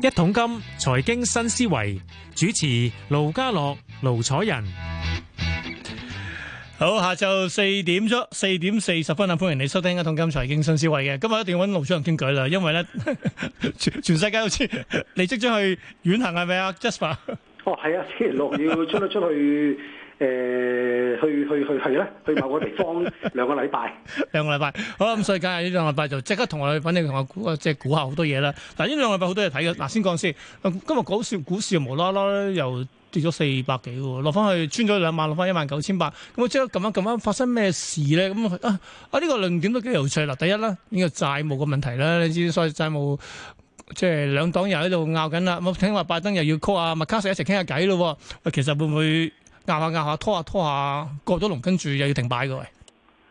一桶金財經新思維主持盧家樂、盧楚仁，好，下晝四點咗，四點四十分啊！歡迎你收聽一桶金財經新思維嘅，今日一定揾盧主任傾偈啦，因為咧， 全世界好似你即將去遠行係咪啊？Jasper 哦，係啊，星期、oh, yeah, 六要出一出去。 誒、呃、去去去去咧，去某個地方兩個禮拜，一聲兩個禮拜好啦。咁、um, 所以梗係呢兩個禮拜就即刻同我哋揾啲同我估即係估下好多嘢啦。嗱，呢兩個禮拜好多嘢睇嘅。嗱，先講先。今日笑股市股市無啦啦又跌咗四百幾喎，一 câ ble 落翻去穿咗兩萬，落翻一萬九千八。咁我即刻撳一撳一，發生咩事咧？咁啊啊呢、呢個論點都幾有趣啦。第一啦，呢個債務嘅問題啦，你知所以債務即係兩黨又喺度拗緊啦。咁聽話拜登又要 call 阿麥卡錫一齊傾下偈咯。其實會唔會？壓下壓下，拖下拖下，過咗龍，跟住又要停擺嘅。誒、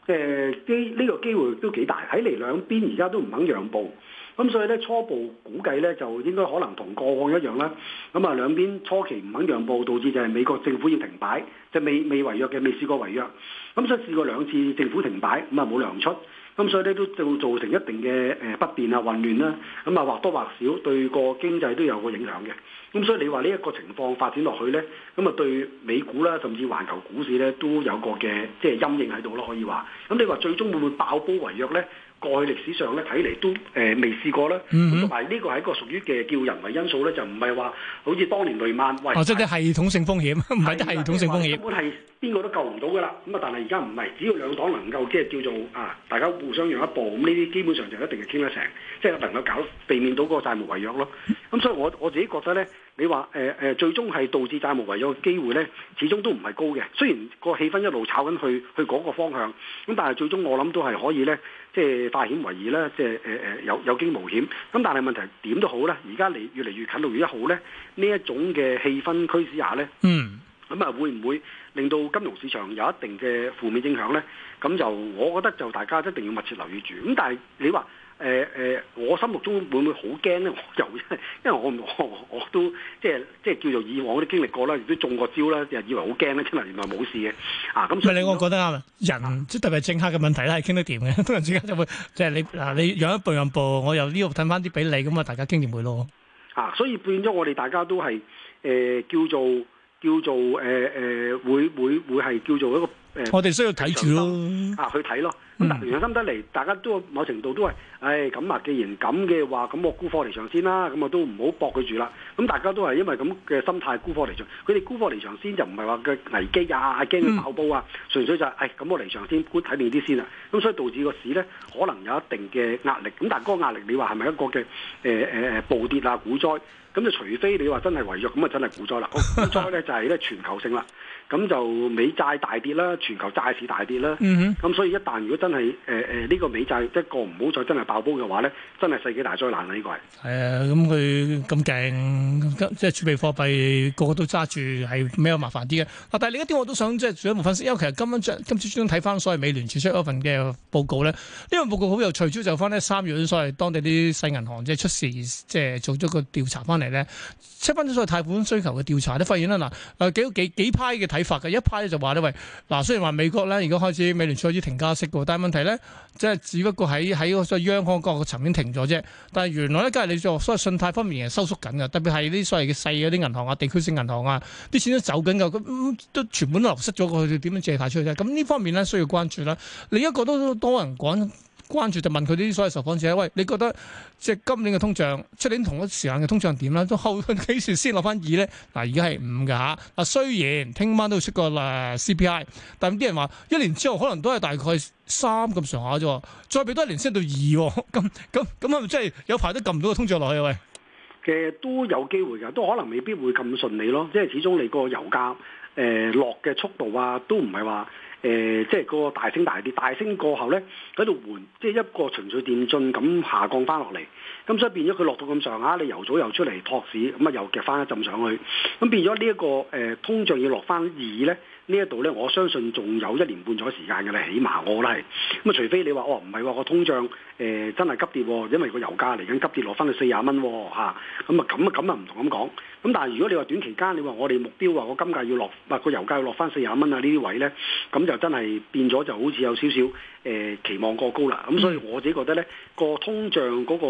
呃，機、這、呢個機會都幾大，睇嚟兩邊而家都唔肯讓步，咁、嗯、所以咧初步估計咧，就應該可能同個案一樣啦。咁、嗯、啊，兩邊初期唔肯讓步，導致就係美國政府要停擺，就未未違約嘅，未試過違約。咁、嗯、所以試過兩次政府停擺，咁啊冇糧出。咁所以咧都造造成一定嘅誒不便啊、混亂啦，咁啊或多或少對個經濟都有個影響嘅。咁所以你話呢一個情況發展落去咧，咁啊對美股啦，甚至環球股市咧都有個嘅即係陰影喺度咯，可以話。咁你話最終會唔會爆煲違約咧？過去歷史上咧睇嚟都誒未、呃、試過啦，咁同埋呢個係一個屬於嘅叫人為因素咧，就唔係話好似當年雷曼，或者啲系統性風險，唔係啲系統性風險。根本係邊個都救唔到噶啦。咁啊，但係而家唔係，只要兩黨能夠即係叫做啊，大家互相讓一步，咁呢啲基本上就一定係傾得成，即、就、係、是、能夠搞避免到嗰個債務違約咯。咁所以我我自己覺得咧。你話誒誒最終係導致債務違約嘅機會咧，始終都唔係高嘅。雖然個氣氛一路炒緊去去嗰個方向，咁但係最終我諗都係可以咧，即係化險為夷啦，即係誒誒有有驚無險。咁但係問題點都好咧，而家嚟越嚟越近六月一號咧，越越越越好呢一種嘅氣氛驅使下咧，嗯，咁啊會唔會令到金融市場有一定嘅負面影響咧？咁就我覺得就大家一定要密切留意住。咁但係你話。誒誒、呃，我心目中會唔會好驚咧？我就因為我我我都即係即係叫做以往都經歷過啦，亦都中過招啦，以為好驚咧，聽聞原來冇事嘅啊！咁所以你，我覺得啊，人即係特別政客嘅問題咧，係傾得掂嘅。突然之間就會即係你嗱，你讓一步讓步，我由呢度褪返啲俾你咁啊！大家經驗會咯啊，所以變咗我哋大家都係誒、呃、叫做叫做誒誒、呃、會會會係叫做一個誒，呃、我哋需要睇住咯啊，去睇咯。咁、嗯、 原心得嚟，大家都某程度都係，唉，咁啊，既然咁嘅話，咁我沽貨離場先啦，咁我都唔好搏佢住啦。咁大家都係因為咁嘅心態沽貨離場，佢哋沽貨離場先就唔係話佢危機啊，驚佢爆煲啊，純粹就係、是，唉、哎，咁我離場先估睇定啲先啦。咁所以導致個市咧可能有一定嘅壓力。咁但係嗰個壓力，你話係咪一個嘅誒誒誒暴跌啊，股災，咁就除非你話真係違約，咁啊真係股災啦。股災咧就係、是、咧全球性啦。 咁就美債大跌啦，全球債市大跌啦。咁所以一旦如果真係誒誒呢個美債一個唔好再真係爆煲嘅話咧，真係世紀大災難啦！呢個係係啊，咁佢咁勁，即係儲備貨幣個個都揸住，係比較麻煩啲嘅。啊，但係另一啲我都想即係做一份分析，因為其實今晚將今朝早睇翻所謂美聯儲出一份嘅報告呢。呢份報告好又聚焦，就翻咧三月嗰所謂當地啲細銀行即係出事，即係做咗個調查翻嚟咧，出翻啲所謂貸款需求嘅調查咧，發現咧嗱、呃、幾幾幾嘅睇法嘅一派咧就話咧喂，嗱，雖然話美國咧而家開始美聯儲開始停加息嘅，但係問題咧即係只不過喺喺個所謂央行嗰個層面停咗啫。但係原來咧，梗係你做所謂信貸方面係收縮緊㗎，特別係啲所謂嘅細嗰啲銀行啊、地區性銀行啊，啲錢都走緊㗎，咁、嗯、都全部都流失咗過去，佢點樣借貸出去啫？咁呢方面咧需要關注啦。另一個都多人講。關注就問佢啲所謂受訪者，喂，你覺得即係今年嘅通脹，出年同一時間嘅通脹點啦？到後幾時先落翻二咧？嗱，而家係五㗎吓。嗱，雖然聽晚都出個誒 CPI，但係啲人話一年之後可能都係大概三咁上下啫。再俾多一年先到二， 咁咁咁啊，即係有排都撳唔到個通脹落去喂！嘅都有機會㗎，都可能未必會咁順利咯。即係始終你個油價誒落嘅速度啊，都唔係話。誒、呃，即係個大升大跌，大升過後呢，喺度緩，即係一個循序漸進咁下降翻落嚟，咁、嗯、所以變咗佢落到咁上下，你由早又出嚟托市，咁、嗯、啊又夾翻一陣上去，咁、嗯、變咗呢一個誒、呃、通脹要落翻二呢。呢一度呢，我相信仲有一年半左右時間嘅咧，起碼我都係。咁啊，除非你話哦，唔係喎，個通脹誒、呃、真係急跌，因為個油價嚟緊急跌，落翻去四廿蚊喎咁啊，咁啊，咁啊唔同咁講。咁但係如果你話短期間，你話我哋目標啊，我金價要落，或個油價要落翻四廿蚊啊呢啲位呢，咁就真係變咗就好似有少少、呃、期望過高啦。咁、嗯、所以我自己覺得呢個通脹嗰個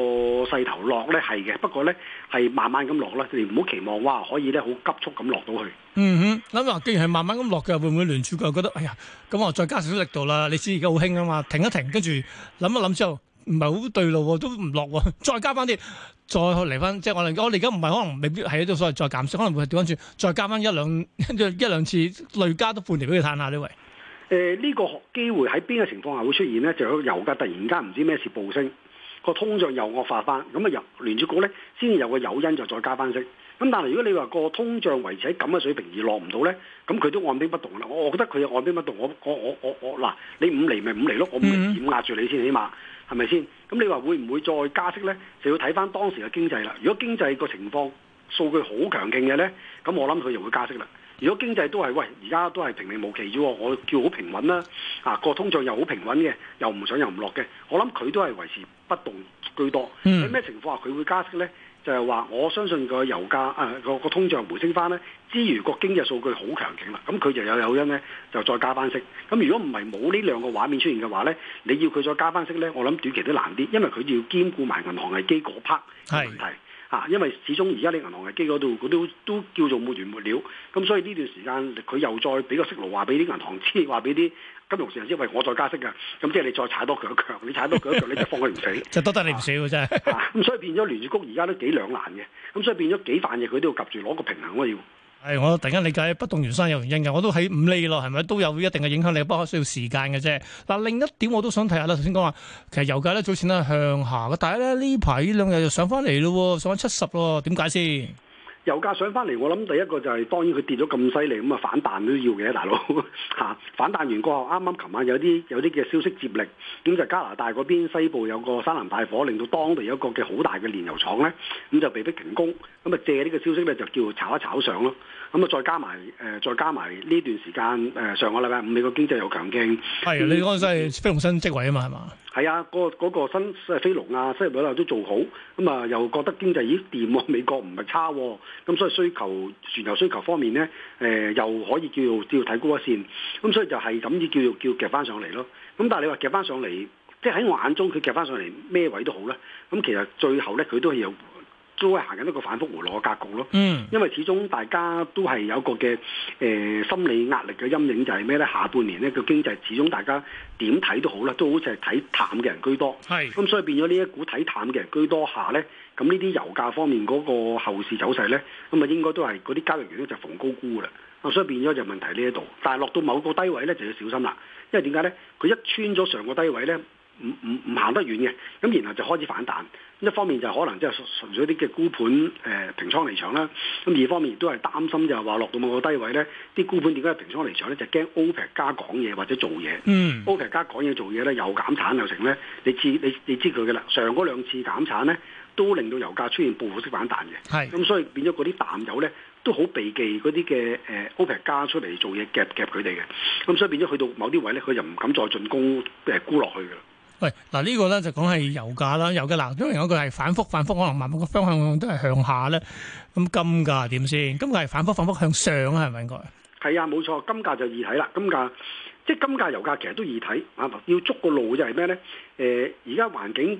勢頭落呢係嘅，不過呢係慢慢咁落啦，你唔好期望哇可以呢好急速咁落到去。嗯哼，咁、啊、嗱，既然係慢慢咁落。會唔會聯儲局又覺得，哎呀，咁我再加少少力度啦？你知而家好興啊嘛，停一停，跟住諗一諗之後，唔係好對路，都唔落，再加翻啲，再嚟翻，即係我哋我哋而家唔係可能未必係一度所謂再減息，可能會調翻轉，再加翻一兩一兩次累加都半年俾佢嘆下呢位。誒，呢個機會喺邊個情況下會出現呢？就係油價突然間唔知咩事暴升，個通脹又惡化翻，咁啊，由聯儲局咧先至有個誘因就再加翻息。咁但係如果你話個通脹維持喺咁嘅水平而落唔到呢，咁佢都按兵不動啦。我我覺得佢又按兵不動，我我我我我嗱，你五厘咪五厘咯，我五厘點壓住你先，起碼係咪先？咁你話會唔會再加息呢？就要睇翻當時嘅經濟啦。如果經濟個情況數據好強勁嘅呢，咁我諗佢又會加息啦。如果經濟都係喂，而家都係平平無奇啫，我叫好平穩啦。啊，個通脹又好平穩嘅，又唔上又唔落嘅，我諗佢都係維持不動居多。喺咩情況下佢會加息呢？就係話，我相信個油價誒個通脹回升翻呢，之餘個經濟數據好強勁啦，咁佢就有有因呢，就再加翻息。咁如果唔係冇呢兩個畫面出現嘅話呢，你要佢再加翻息呢，我諗短期都難啲，因為佢要兼顧埋銀行危機嗰 part 嘅問題。啊，因為始終而家啲銀行危機嗰度，佢都都叫做沒完沒了，咁所以呢段時間佢又再俾個息率話俾啲銀行知，話俾啲金融市場知，喂，我再加息㗎，咁即係你再踩多佢一腳，你踩多佢一腳， 你就放佢唔死， 啊、就多得你唔少真係，咁、 啊、所以變咗聯儲局而家都幾兩難嘅，咁所以變咗幾犯嘢佢都要及住攞個平衡咯、啊、要。係，我突然間理解不動原山有原因嘅，我都喺五厘咯，係咪都有一定嘅影響力，不過需要時間嘅啫。嗱，另一點我都想睇下啦，頭先講話其實油價咧早前咧係向下嘅，但係咧呢排呢兩日就上翻嚟咯，上翻七十咯，點解先？油價上翻嚟，我諗第一個就係、是、當然佢跌咗咁犀利，咁啊反彈都要嘅，大佬嚇 反彈完過後，啱啱琴晚有啲有啲嘅消息接力，咁就加拿大嗰邊西部有個山林大火，令到當地有一個嘅好大嘅煉油廠呢，咁就被迫停工，咁啊借呢個消息呢，就叫炒一炒上咯。咁啊、嗯，再加埋誒、呃，再加埋呢段時間誒、呃，上個禮拜五，美國經濟又強勁。係，你嗰陣時非農新職位啊嘛，係嘛、嗯？係啊，嗰、那個嗰、那個新誒非農啊，新日保啊都做好，咁、嗯、啊又覺得經濟咦掂喎，美國唔係差喎、啊，咁所以需求船油需求方面咧，誒、呃、又可以叫叫睇高一線，咁所以就係咁樣叫叫夾翻上嚟咯。咁但係你話夾翻上嚟，即係喺我眼中佢夾翻上嚟咩位都好啦。咁其實最後咧，佢都係有。都係行緊一個反覆回落嘅格局咯，因為始終大家都係有個嘅誒、呃、心理壓力嘅陰影，就係咩咧？下半年咧個經濟始終大家點睇都好啦，都好似係睇淡嘅人居多，咁是所以變咗呢一股睇淡嘅人居多下咧，咁呢啲油價方面嗰個後市走勢咧，咁啊應該都係嗰啲交易員咧就逢高沽噶啦，咁所以變咗就問題呢一度，但係落到某個低位咧就要小心啦，因為點解咧？佢一穿咗上個低位咧，唔唔唔行得遠嘅，咁然後就開始反彈。一方面就可能即係純粹啲嘅沽盤誒、呃、平倉離場啦，咁二方面亦都係擔心就係話落到某個低位咧，啲沽盤點解平倉離場咧？就驚歐佩加講嘢或者做嘢。嗯，歐佩加講嘢做嘢咧，又減產又成咧，你知你你知佢嘅啦。上嗰兩次減產咧，都令到油價出現報復式反彈嘅。係是，咁所以變咗嗰啲淡油咧都好避忌嗰啲嘅誒歐佩加出嚟做嘢夾夾佢哋嘅，咁所以變咗去到某啲位咧，佢就唔敢再進攻誒沽落去㗎啦。喂，嗱、這個、呢個咧就講、是、係油價啦，油價嗱，因為有一個係反覆反覆，可能慢慢嘅方向都係向下咧。咁金價點先？金價係反覆反覆向上是是啊，係咪應該？係啊，冇錯，金價就易睇啦。金價即係金價、價油價其實都易睇啊，要捉個路就係咩咧？誒、呃，而家環境。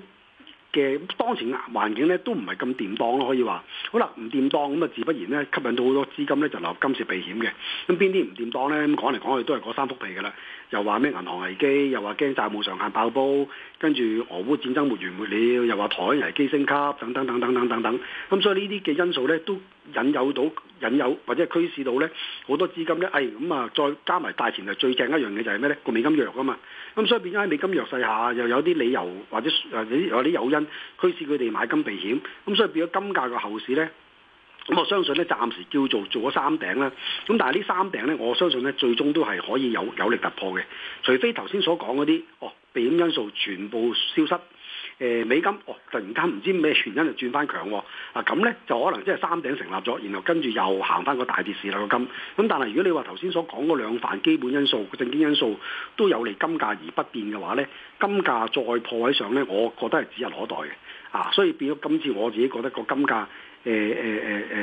嘅當前環境咧都唔係咁掂當咯，可以話好啦，唔掂當咁啊，自不然咧吸引到好多資金咧就流入金市避險嘅。咁邊啲唔掂當咧？咁講嚟講去都係嗰三幅被噶啦，又話咩銀行危機，又話驚債務上限爆煲，跟住俄烏戰爭沒完沒了，又話台海危機升級，等等等等等等等、等。咁、嗯、所以呢啲嘅因素咧都。引誘到引誘或者係驅使到咧好多資金咧，誒、咁啊再加埋大前提最正一樣嘅就係咩咧個美金弱啊嘛，咁、嗯、所以變咗喺美金弱勢下又有啲理由或者誒或者有啲誘因驅使佢哋買金避險，咁、嗯、所以變咗金價嘅後市咧，咁、嗯、我相信咧暫時叫做做咗三頂啦，咁、嗯、但係呢三頂咧我相信咧最終都係可以有有力突破嘅，除非頭先所講嗰啲哦避險因素全部消失。誒、呃、美金，哦，突然間唔知咩原因就轉翻強喎、啊，啊咁咧就可能即係三頂成立咗，然後跟住又行翻個大跌市啦個金，咁但係如果你話頭先所講嗰兩範基本因素、政經因素都有利金價而不變嘅話呢，金價再破位上呢，我覺得係指日可待嘅，啊，所以變咗今次我自己覺得個金價。誒誒誒誒，二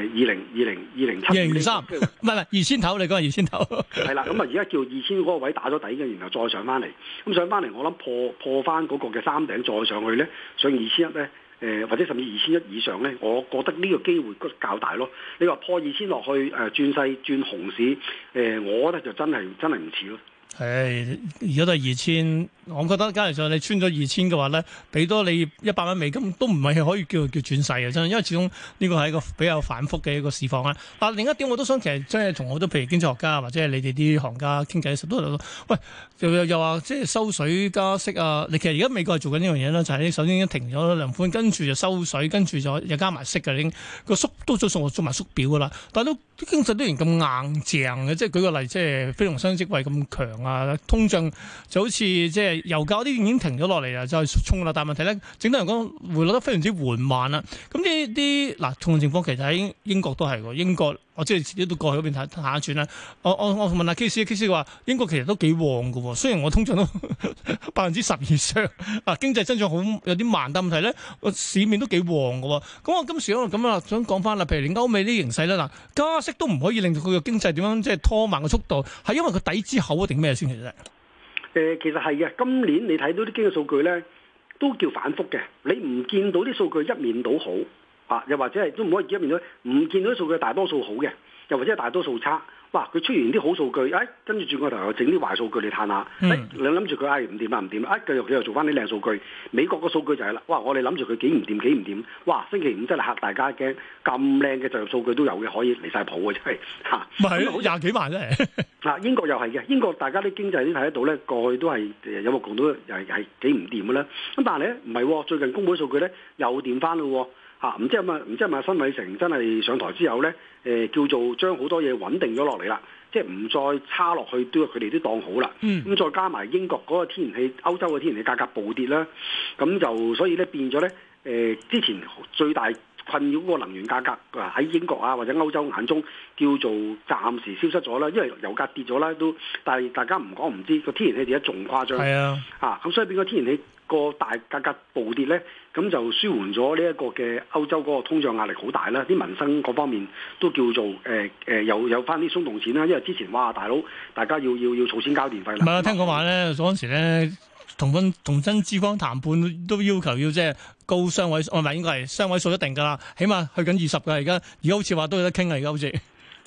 零二零二零七二零三，唔係唔係二千頭你講說 二千頭，係啦，咁啊而家叫二千嗰個位打咗底嘅，然後再上翻嚟，咁上翻嚟我諗破破翻嗰個嘅三頂再上去咧，上二千一咧，誒、呃、或者甚至二千一以上咧，我覺得呢個機會較大咯。你話破二千落去誒、呃、轉勢轉紅市，誒、呃、我覺得就真係真係唔似咯。係，而家、哎、都係二千。我覺得加上你穿咗二千嘅話咧，俾多你一百蚊美金都唔係可以叫叫轉勢嘅真係，因為始終呢個係一個比較反覆嘅一個市況啦。但另一點我都想其實真係同好多譬如經濟學家或者係你哋啲行家傾偈，實都有喂又又話即係收水加息啊！你其實而家美國係做緊呢樣嘢啦，就係、是、你首先已停咗量寬，跟住就收水，跟住就又加埋息嘅已經個縮都做埋縮表㗎啦。但係都經濟依然咁硬淨嘅，即係舉個例，即係非農薪職位咁強。啊，通脹就好似即係油價啲已經停咗落嚟啊，再、就係、衝啦！但係問題咧，整體嚟講回落得非常之緩慢啦。咁呢啲嗱，同嘅情況其實喺英，英國都係喎，英國。我即係自己都過去嗰邊睇下一轉啦。我我我問下 KC，KC 話英國其實都幾旺嘅喎。雖然我通脹都百分之十以上，啊經濟增長好有啲慢，但問題咧個市面都幾旺嘅喎。咁、啊、我今時咁啊，想講翻啦。譬如歐美啲形勢咧嗱，加息都唔可以令到佢嘅經濟點樣即係拖慢個速度，係因為佢底子厚定咩先其實？誒、呃，其實係嘅。今年你睇到啲經濟數據咧，都叫反覆嘅。你唔見到啲數據一面倒好。啊！又或者係都唔可以而家變咗唔見到數據大多數好嘅，又或者係大多數差。哇！佢出現啲好數據，哎，跟住轉過頭又整啲壞數據你嘆下。你諗住佢唉，唔掂啊唔掂啊，一繼續佢又做翻啲靚數據。美國個數據就係啦。哇！我哋諗住佢幾唔掂幾唔掂。哇！星期五真係嚇大家驚，咁靚嘅就業數據都有嘅，可以離晒譜嘅真係嚇。咁、啊係嗯、好廿幾萬啫。啊，英國又係嘅。英國大家啲經濟已經睇得到咧，過去都係有冇講到又係係幾唔掂嘅咧。咁但係咧唔係喎，最近公佈嘅數據咧又掂翻嘞喎。啊！唔知係咪唔知係咪辛偉誠真係上台之後咧？誒、呃、叫做將好多嘢穩定咗落嚟啦，即係唔再差落去都佢哋都當好啦。嗯，咁再加埋英國嗰個天然氣、歐洲嘅天然氣價格暴跌啦，咁就所以咧變咗咧誒之前最大困擾嗰個能源價格喺英國啊或者歐洲眼中叫做暫時消失咗啦，因為油價跌咗啦都，但係大家唔講唔知個天然氣點解仲誇張？係啊，啊咁所以變個天然氣。個大價格，格暴跌咧，咁就舒緩咗呢一個嘅歐洲嗰個通脹壓力好大啦，啲民生各方面都叫做誒誒、呃呃、有有返啲鬆動錢啦，因為之前哇大佬，大家要要要，要儲錢交電費。唔係啊，聽講話咧，嗰陣時咧，同新同新資方談判都要求要即係高雙位，唔、哦、係應該係雙位數一定噶啦，起碼去緊二十噶，而家而家好似話都有得傾啊，而家好似。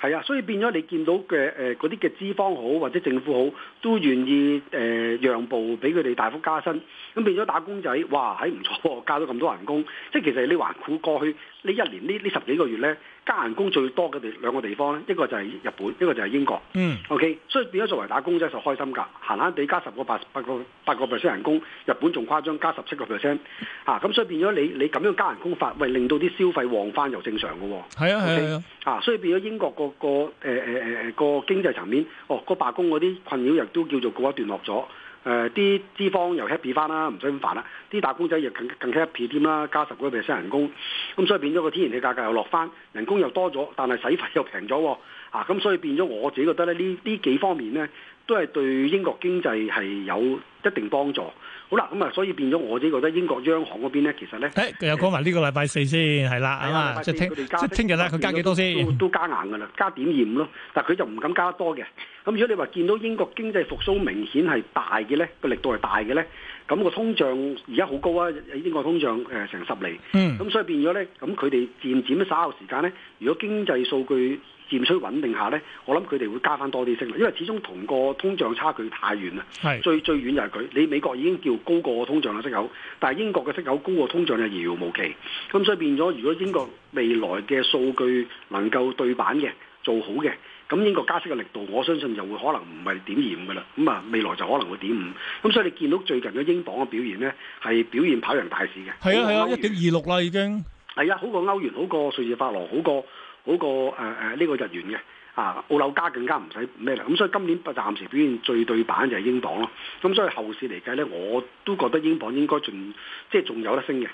係啊，所以變咗你見到嘅誒嗰啲嘅資方好或者政府好都願意誒、呃、讓步俾佢哋大幅加薪，咁變咗打工仔哇係唔、哎、錯，加咗咁多人工，即係其實你話苦過去呢一年呢呢十幾個月呢。加人工最多嘅地兩個地方咧，一個就係日本，一個就係英國。嗯，OK，所以變咗作為打工仔就開心噶，閒閒地加十個八、八個八個 percent 人工，日本仲誇張，加十七個 percent，啊咁所以變咗你你咁樣加人工法，喂令到啲消費旺翻又正常嘅喎。係啊係啊、嗯、Okay? 啊，啊所以變咗英國、嗰個個誒誒誒誒個經濟層面，哦、嗰個罷工嗰啲困擾亦都叫做告一段落咗。誒，啲，呃、脂肪又 happy 翻啦，唔使咁煩啦。啲打工仔又更更 happy 添啦，加十個 percent 人工，咁所以變咗個天然氣價格又落翻，人工又多咗，但係使費又平咗，啊！咁所以變咗我自己覺得咧，呢呢幾方面咧。都係對英國經濟係有一定幫助。好啦，咁啊，所以變咗我自己覺得英國央行嗰邊咧，其實咧，誒，又講埋呢個禮拜四先係啦，啊，即聽，即係聽日啦，佢加幾多先？都加硬嘅啦，加點鹽咯。但係佢就唔敢加得多嘅。咁如果你話見到英國經濟復甦明顯係大嘅咧，個力度係大嘅咧，咁個通脹而家好高啊！英國通脹誒成十厘，嗯，咁所以變咗咧，咁佢哋漸漸一撒下時間咧，如果經濟數據，漸趨穩定下呢，我諗佢哋會加翻多啲息啦，因為始終同個通脹差距太遠啦。是最最遠就係佢，你美國已經叫高過通脹啦，息口，但係英國嘅息口高過通脹就遙遙無期。咁所以變咗，如果英國未來嘅數據能夠對版嘅，做好嘅，咁英國加息嘅力度，我相信就會可能唔係點二五噶啦。咁啊，未來就可能會點五。咁所以你見到最近嘅英鎊嘅表現呢，係表現跑贏大市嘅。係是啊係啊，一點二六啦已經。係啊，好過歐元，好過瑞士法郎，好過。嗰個誒呢個日元嘅啊，澳紐加更加唔使咩啦，咁、嗯、所以今年暫時表現最對版就係英鎊咯。咁、嗯、所以後市嚟計咧，我都覺得英鎊應該仲即係仲有得升嘅。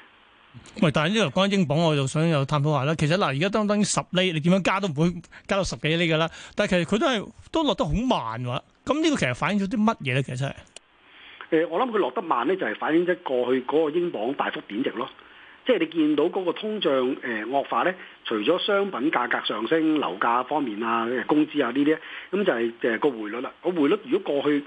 喂，但係呢個有關英鎊，我就想又探討下啦。其實嗱，而家當當十厘，你點樣加都唔會加到十幾厘㗎啦。但係其實佢都係都落得好慢喎。咁、啊、呢個其實反映咗啲乜嘢咧？其實係誒、呃，我諗佢落得慢咧，就係反映咗過去嗰個英鎊大幅貶值咯。即係你見到嗰個通脹誒、呃、惡化咧，除咗商品價格上升、樓價方面啊、工資啊呢啲，咁就係誒個匯率啦。個匯率如果過去誒、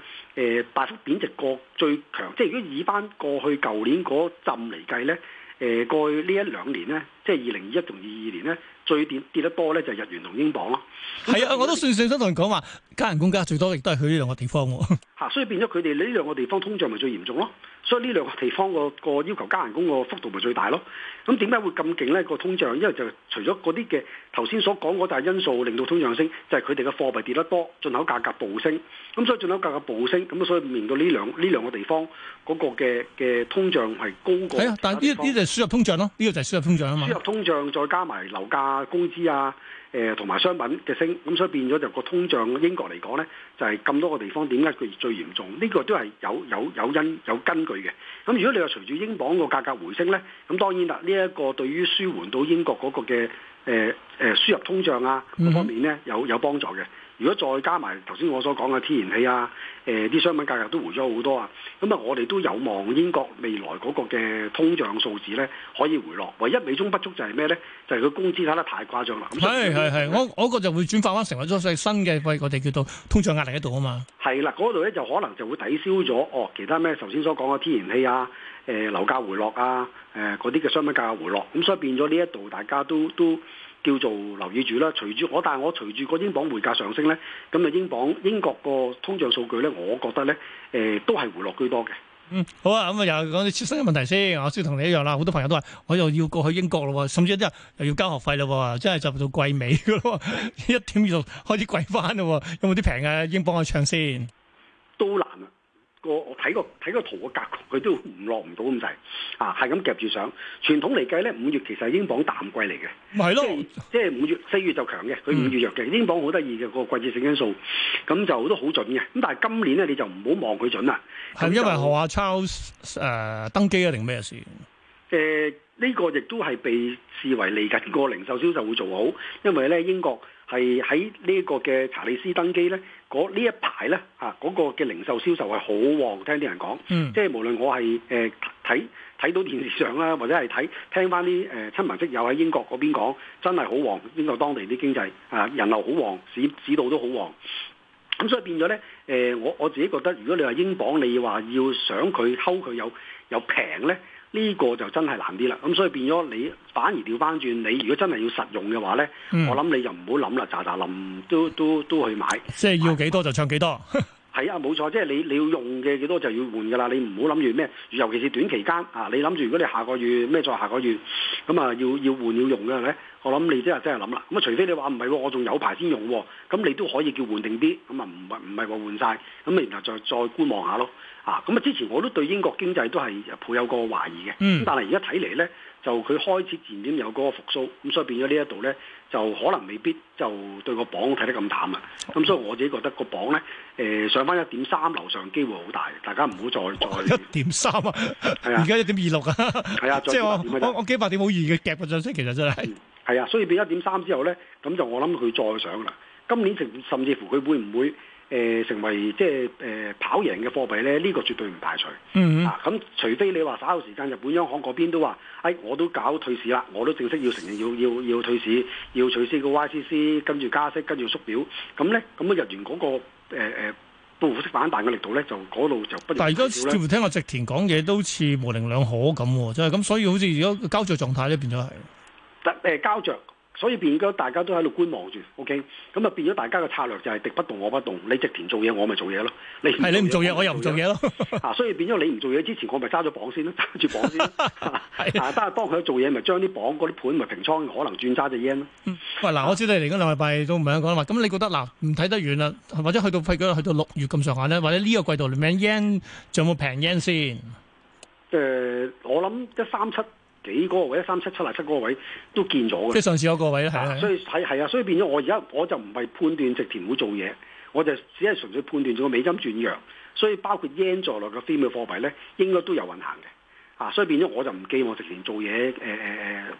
呃、大幅貶值過最強，即係如果以翻過去舊年嗰陣嚟計咧，誒、呃、過去呢一兩年咧，即係二零二一同二二年咧，最跌跌得多咧就係日元同英鎊咯。係啊，以我都算算想同你講話，加人工加最多亦都係去呢兩個地方喎。 所以變咗佢哋呢兩個地方通脹咪最嚴重咯。所以呢兩個地方個要求加人工個幅度咪最大咯？咁點解會咁勁咧？個通脹，因為就除咗嗰啲嘅頭先所講嗰啲因素令到通脹升，就係佢哋嘅貨幣跌得多，進口價格暴升。咁所以進口價格暴升，咁所以面對呢兩呢兩個地方嗰個嘅嘅通脹係高過。係啊、哎，但係呢呢就係輸入通脹咯，呢個就係輸入通脹啊嘛。輸入通脹再加埋樓價、工資啊。誒同埋商品嘅升，咁所以變咗就個通脹。英國嚟講呢，就係咁多個地方點解佢最嚴重？呢個都係有有有因有根據嘅。咁如果你話隨住英鎊個價格回升呢，咁當然啦，呢一個對於舒緩到英國嗰個嘅誒誒輸入通脹啊各方面呢有有幫助嘅。如果再加埋頭先我所講嘅天然氣啊，誒、呃、啲商品價格都回咗好多啊，咁啊我哋都有望英國未來嗰個嘅通脹數字咧可以回落，唯一美中不足就係咩咧？就係、是、佢工資打得太誇張啦。係係係，我我個就會轉化翻成為咗新嘅，我哋叫做通脹壓力喺度啊嘛。係啦，嗰度咧就可能就會抵消咗哦，其他咩頭先所講嘅天然氣啊、誒樓價回落啊、誒嗰啲嘅商品價格回落，咁所以變咗呢一度大家都都，都叫做留意住啦，隨住我但係我隨住個英鎊匯價上升咧，咁啊英鎊英國個通脹數據咧，我覺得咧誒、呃、都係回落居多嘅。嗯，好啊，咁啊又講啲切身嘅問題先。我先同你一樣啦，好多朋友都話，我又要過去英國咯，甚至一啲又要交學費咯，真係就到季尾嘅咯，一點二六開始貴翻咯，有冇啲平嘅英鎊嘅唱先？都難啊！個我睇個睇個圖個格局，佢都唔落唔到咁滯啊！係咁夾住上，傳統嚟計咧，五月其實係英鎊淡季嚟嘅，即係即係五月四月就強嘅，佢五月弱嘅，嗯、英鎊好得意嘅個季節性因素，咁就都好準嘅。咁但係今年咧，你就唔好望佢準啦。係因為何亞超誒登基啊，定咩事？誒呢、呃呢個亦都係被。視為嚟緊個零售銷售會做好，因為咧英國係喺呢個嘅查理斯登基咧，嗰呢一排咧啊，嗰、嗰個嘅零售銷售係好旺，聽啲人講，嗯、即係無論我係誒睇睇到電視上啦，或者係睇聽返啲誒親朋戚友喺英國嗰邊講，真係好旺，英國當地啲經濟啊，人流好旺，市市道都好旺，咁所以變咗咧誒，我我自己覺得，如果你話英鎊，你話要想佢偷佢有有平咧？呢個就真係難啲啦，咁所以變咗你反而調翻轉，你如果真係要實用嘅話呢，嗯、我諗你就唔好諗啦，咋咋林都都，都去買，即係要幾多就唱幾多。係 啊，冇錯，即、就、係、是、你你要用嘅幾多就要換噶啦，你唔好諗住咩，尤其是短期間啊，你諗住如果你下個月咩再下個月，咁啊要要換要用嘅咧，我諗你即係真係諗啦。咁啊，除非你話唔係喎，我仲有排先用喎、啊，咁你都可以叫換定啲，咁啊唔唔係話換晒。咁然後再再觀望下咯。啊，咁啊！之前我都對英國經濟都係抱有個懷疑嘅，嗯、但係而家睇嚟咧，就佢開始漸漸有嗰個復甦，咁所以變咗呢一度咧，就可能未必就對個榜睇得咁淡啊。咁、嗯、所以我自己覺得個榜咧，誒、呃、上翻一點三樓上機會好大，大家唔好再再一點三啊，而家一點二六啊，係啊，即係、啊、我我幾百點好易嘅夾個訊息，其實真係，係、嗯、啊，所以變一點三之後咧，咁就我諗佢再上啦。今年甚至乎佢會唔會？誒、呃、成為即係誒跑贏嘅貨幣咧，呢、這個絕對唔排除。嗯哼、嗯，啊咁，除非你話稍有時間日本央行嗰邊都話，哎，我都搞退市啦，我都正式要承認要要要退市，要取消個 YCC，跟住加息，跟住縮表。咁、嗯、咧，咁啊日元嗰個誒誒報復式反彈嘅力度咧，就嗰度就不如。但係而家似乎聽阿植田講嘢都似模棱兩可咁，真係咁，所以好似而家膠着狀態咧，變咗係得誒膠所以變咗大家都喺度觀望住，OK？咁啊變咗大家嘅策略就係敵不動我不動，你植田做嘢我咪做嘢咯。係你唔做嘢我，我又唔做嘢咯啊！ 所以變咗你唔做嘢之前我咪揸咗鎊先咯，揸住鎊先。但係當佢做嘢咪將啲鎊嗰啲盤咪平倉，可能轉揸隻 yen 咯。喂、呃、嗱，我知道你嚟緊兩禮拜都唔想講話，咁你覺得嗱唔睇得遠啦，或者去到譬如去到六月咁上下咧，或者呢個季度嚟緊 yen 仲有冇平 yen 先？誒、呃，我諗一三七。你嗰個位一三七七啊七嗰個位都見咗嘅，即係上次嗰個位啦，係啊，所以係係啊，所以變咗我而家我就唔係判斷植田會做嘢，我就只係純粹判斷咗美金轉弱，所以包括 yen 在內嘅非美元嘅貨幣咧應該都有運行嘅，啊，所以變咗我就唔寄望植田做嘢，誒誒誒，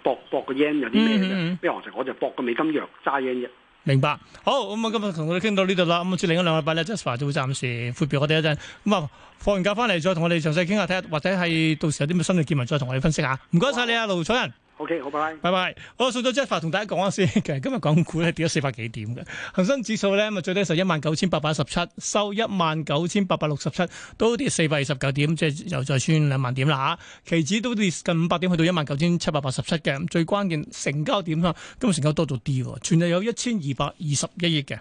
博博個 yen 有啲咩嘅，咩行情我就博個美金弱揸 yen 啫。明白，好咁啊，今日同我哋傾到呢度啦，咁啊接另外兩禮拜咧 Jasper 就暫會暫時闊別我哋一陣。咁啊，放完假翻嚟再同我哋詳細傾下睇，或者係到時有啲咩新嘅見聞再同我哋分析下。唔該晒你啊，盧楚仁。OK，bye bye. Bye bye. 好，拜拜，拜拜。我數咗 Jeff 同大家講下先嘅，今日港股咧跌咗四百幾點嘅，恒生指數咧咪最低一萬九千八百一十七，收一萬九千八百六十七，都跌四百二十九點，即係又再穿兩萬點啦吓。期指都跌近五百點，去到一萬九千七百八十七嘅。咁最關鍵成交點啦，今日成交多咗啲，全日有一千二百二十一億嘅。